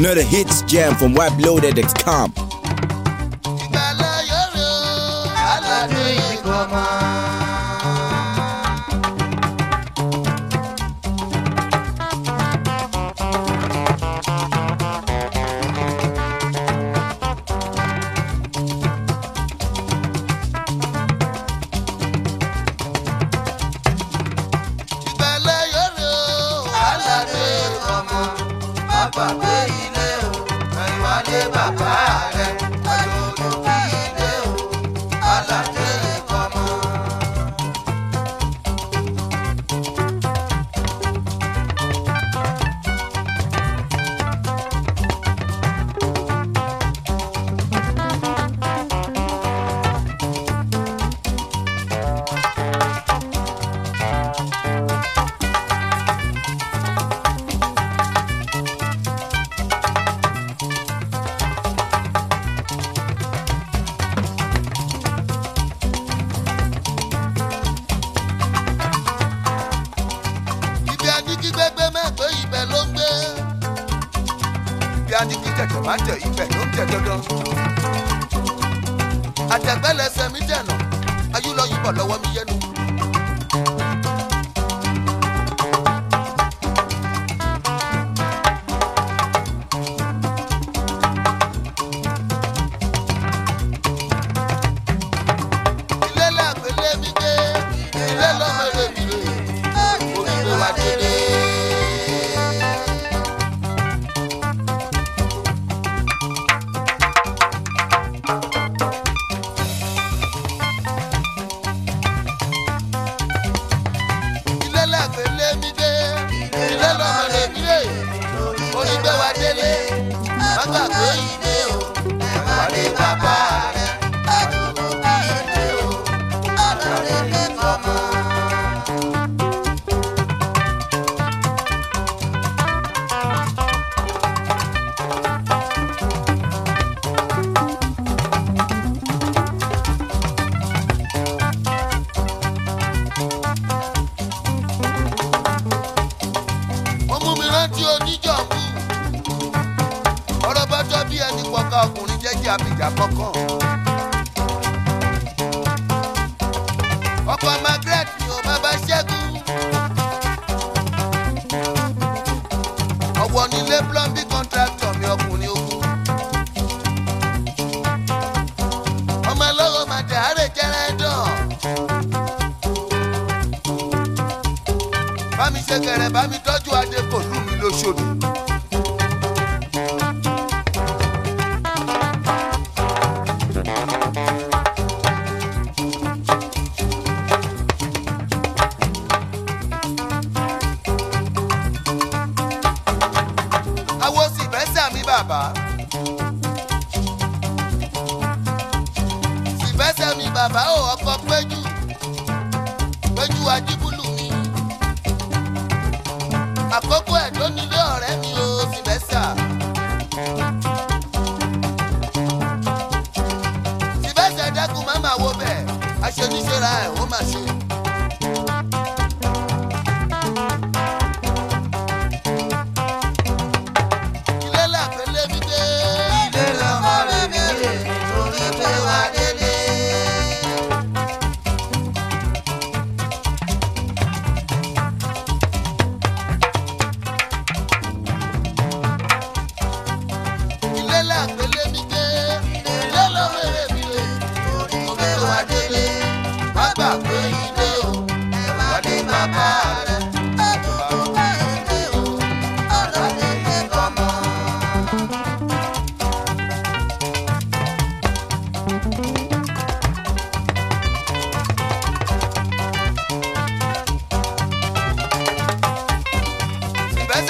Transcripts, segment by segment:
Another hits jam from White Blow that's calm. onílé plumbing contractor mi ọkùnrin ogun. ọmọ ẹlọ́wọ́ màdé àárẹ̀ jẹ́rẹ́ dán. bá mi ṣe kẹrẹ bá mi tọ́. ìbẹ́sẹ̀ mi bàbá ò ọkọ péjú péjú ajíbúlù mi àkókò ẹ̀ ló nílé ọ̀rẹ́ mi ò fìbẹ́sà. fìbẹ́sẹ̀ dákun má máa wo bẹ́ẹ̀ aṣoníṣẹ́ra ẹ̀ ó máa ṣe.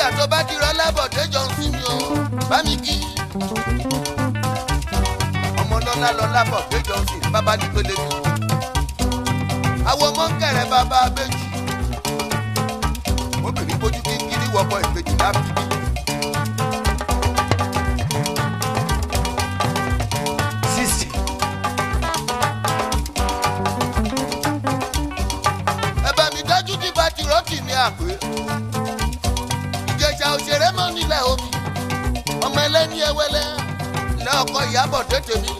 nígbà tó bá kí rọlá bọ̀dé johnson ni o bá mi kí. ọmọ lọ́lá lọ́lá bọ̀dé johnson bàbá ní mi. àwọn ọmọ ń kẹrẹ bàbá abéjì. obìnrin bójú kíkiri wọ̀pọ̀ ìbejì lábìbí. ẹ bá mi dájú tí bá ti rọ́ọ̀tì ní àpè nílẹ̀ omi ọmọ ẹlẹ́ni ẹwẹ́lẹ́ lọ́kọ̀ ìyábọ̀ tètè mi.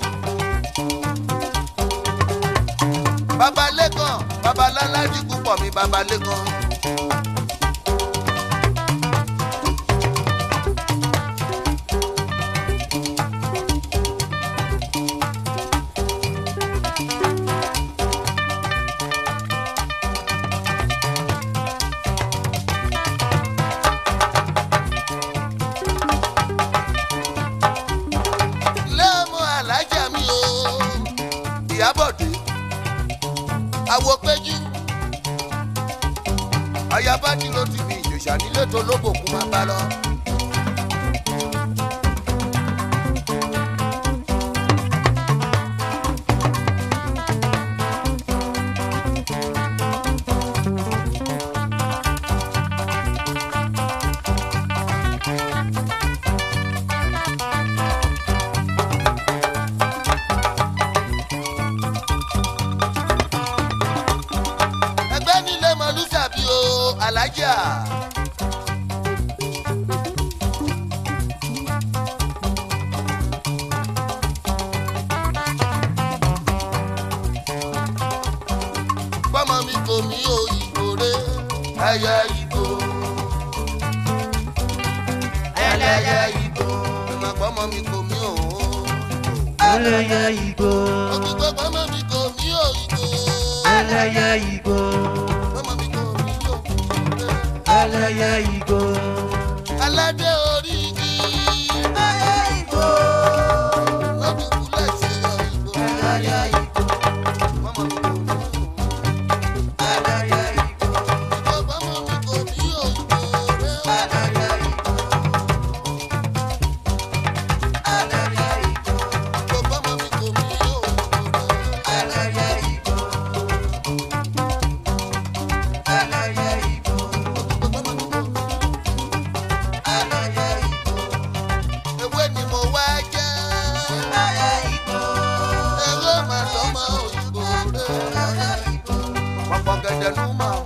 baba lẹ́kàn baba lálá dìgbù pọ̀ mi baba lẹ́kàn. àwọ̀ péjú ayaba tí ló ti fi ìjòyà nílé tó lóbòkun máa bá lọ. ẹyẹ ibo ẹlẹyẹ ibo ìmọ̀gbọ́mọ mi kò mí o ẹlẹyẹ ibo. Vamos de Arruma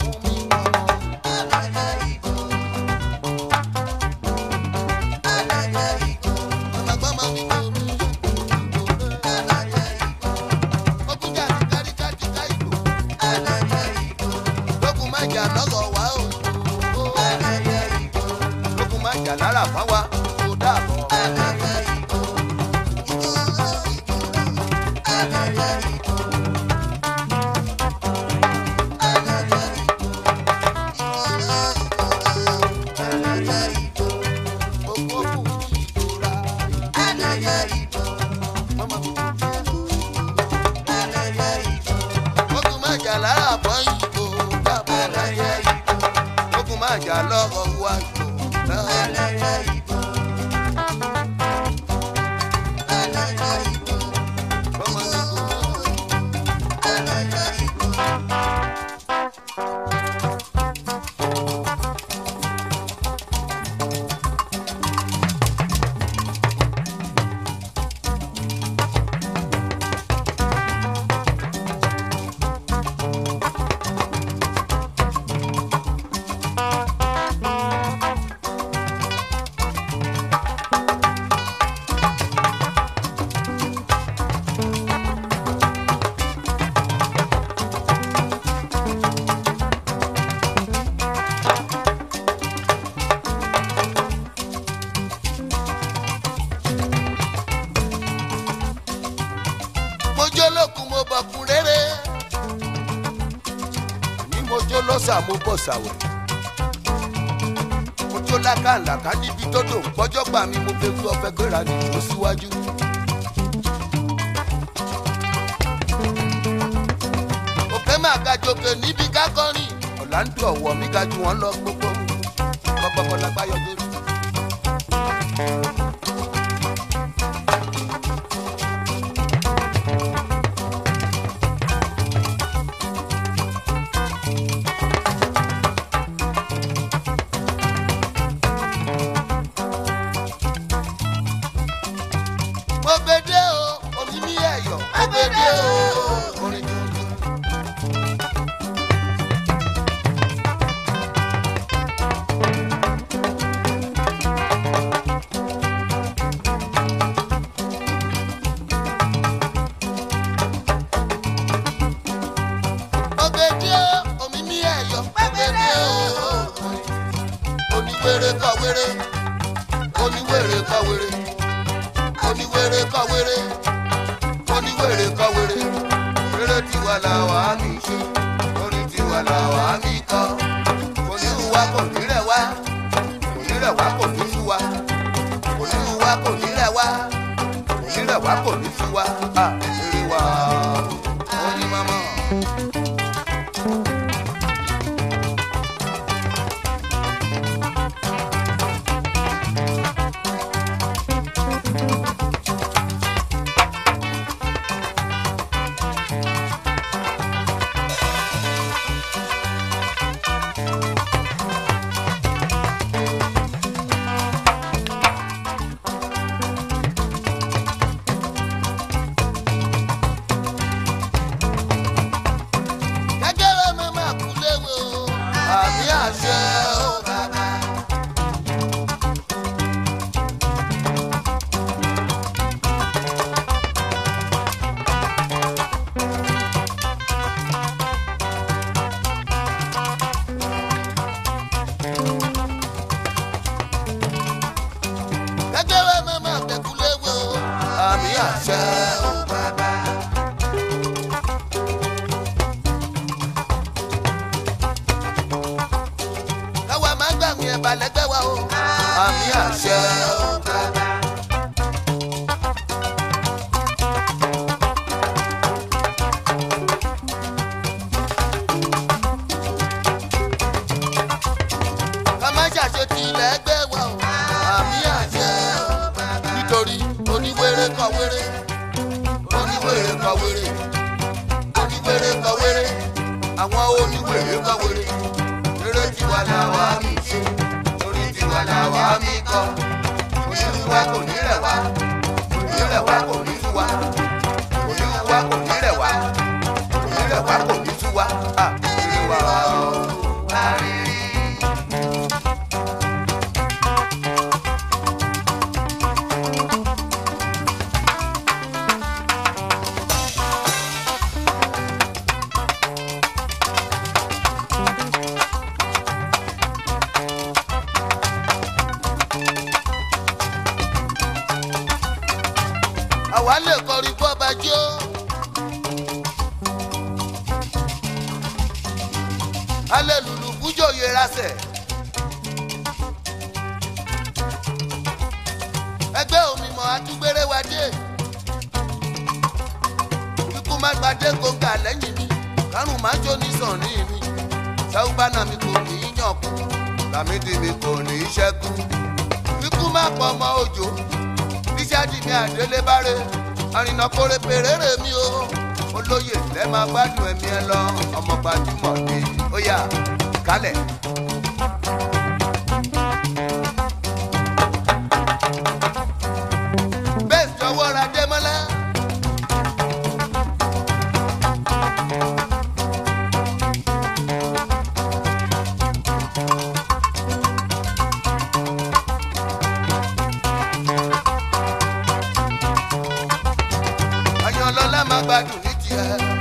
mo jó lọ́sà mo bọ̀ sàwẹ̀ mo jó lákàlàkà níbi tó dò kọjọ́ gbà mí mo fẹ́ fi ọ̀fẹ́ gbéra nìjó síwájú. òkè máa ga jòkè níbi ká kọrin ń dùn ọ̀wọ̀ mi ga ju wọn lọ gbogbo gbogbo lágbáyọ̀ tiwa làwa mi ṣe orin tiwa làwa mi kọ kò ní wa kò ní rẹ̀ wá kò ní rẹ̀ wá kò ní ṣe o bàbá. káwa má gbàgbé ẹ̀ balẹ̀ gbẹ́. wèrè àdìwèrè gba wèrè àwọn oníwèrè gba wèrè eré tiwa làwa mi ṣe orí tiwa làwa mi kọ ìlú wa kò ní rẹ̀ wá ìlú rẹ̀ wá kò ní tú wa ìlú wa kò ní rẹ̀ wá ìlú rẹ̀ wá kò ní tú wa ìlú wa àwa lè kọrin bọ́ba jó. alẹ́ lùlù fújòyè rasẹ̀. ẹgbẹ́ òmìmọ̀ adúgbére wa dé. kíkú má gbadé kó gà lẹ́yìn mi kárùn má jó ní mi. sẹ́wọ́n náà mi kò ní í yàn kú. kò ní í ṣẹ́kù. kíkú má pọ̀ jáde ní àdélébáré àrìnà kórè pèrèrè mi o olóyè lẹ máa gbádùn ẹ̀mí ẹ lọ ọmọ gbajúmọ̀ ni ó yá kálẹ̀. ma ba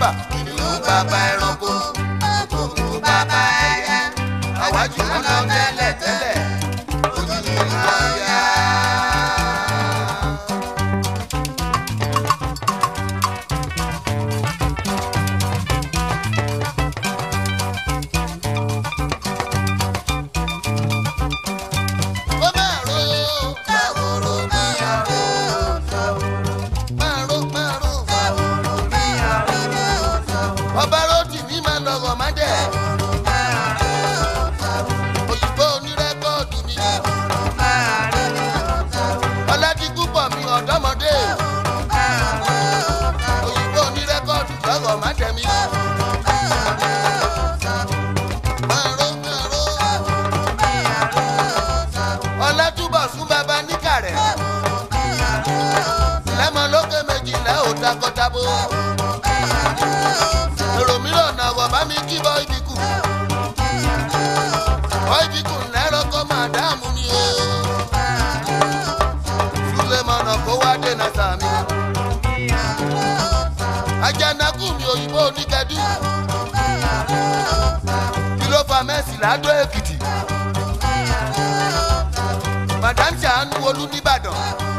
bàbà kìnìún bàbà ẹranko kòkòrò bàbà ẹyẹ àwájú ọ̀nà tẹ́lẹ̀ tẹ́lẹ̀. Ànákùnmí òyìnbó oníkẹ́dú. kí ló fa mẹ́sì Èkìtì. madam ṣàánú olú nìbàdàn.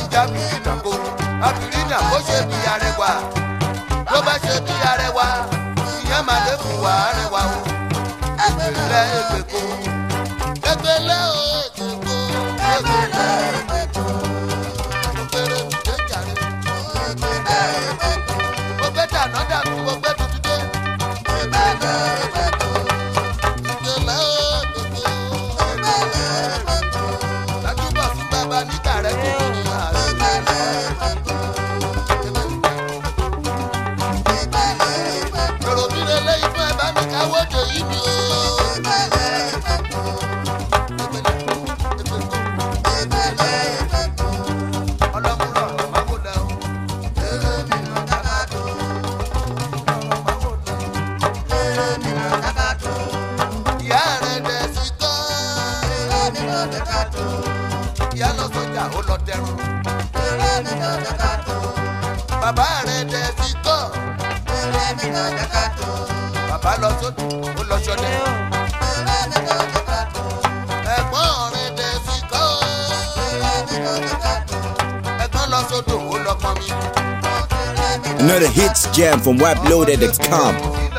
ń já bí ìdàgbò abirina bó ṣe bí arẹwà ló bá ṣe bí arẹwà ìyẹn máa lè fún wa arẹwà o ẹgbẹ̀lẹ́ ẹgbẹ̀kọ ẹgbẹ̀lẹ́ ẹgbẹ̀kọ ẹgbẹ̀lẹ́ ẹgbẹ̀kọ. Another hits jam from WebLoaded.com.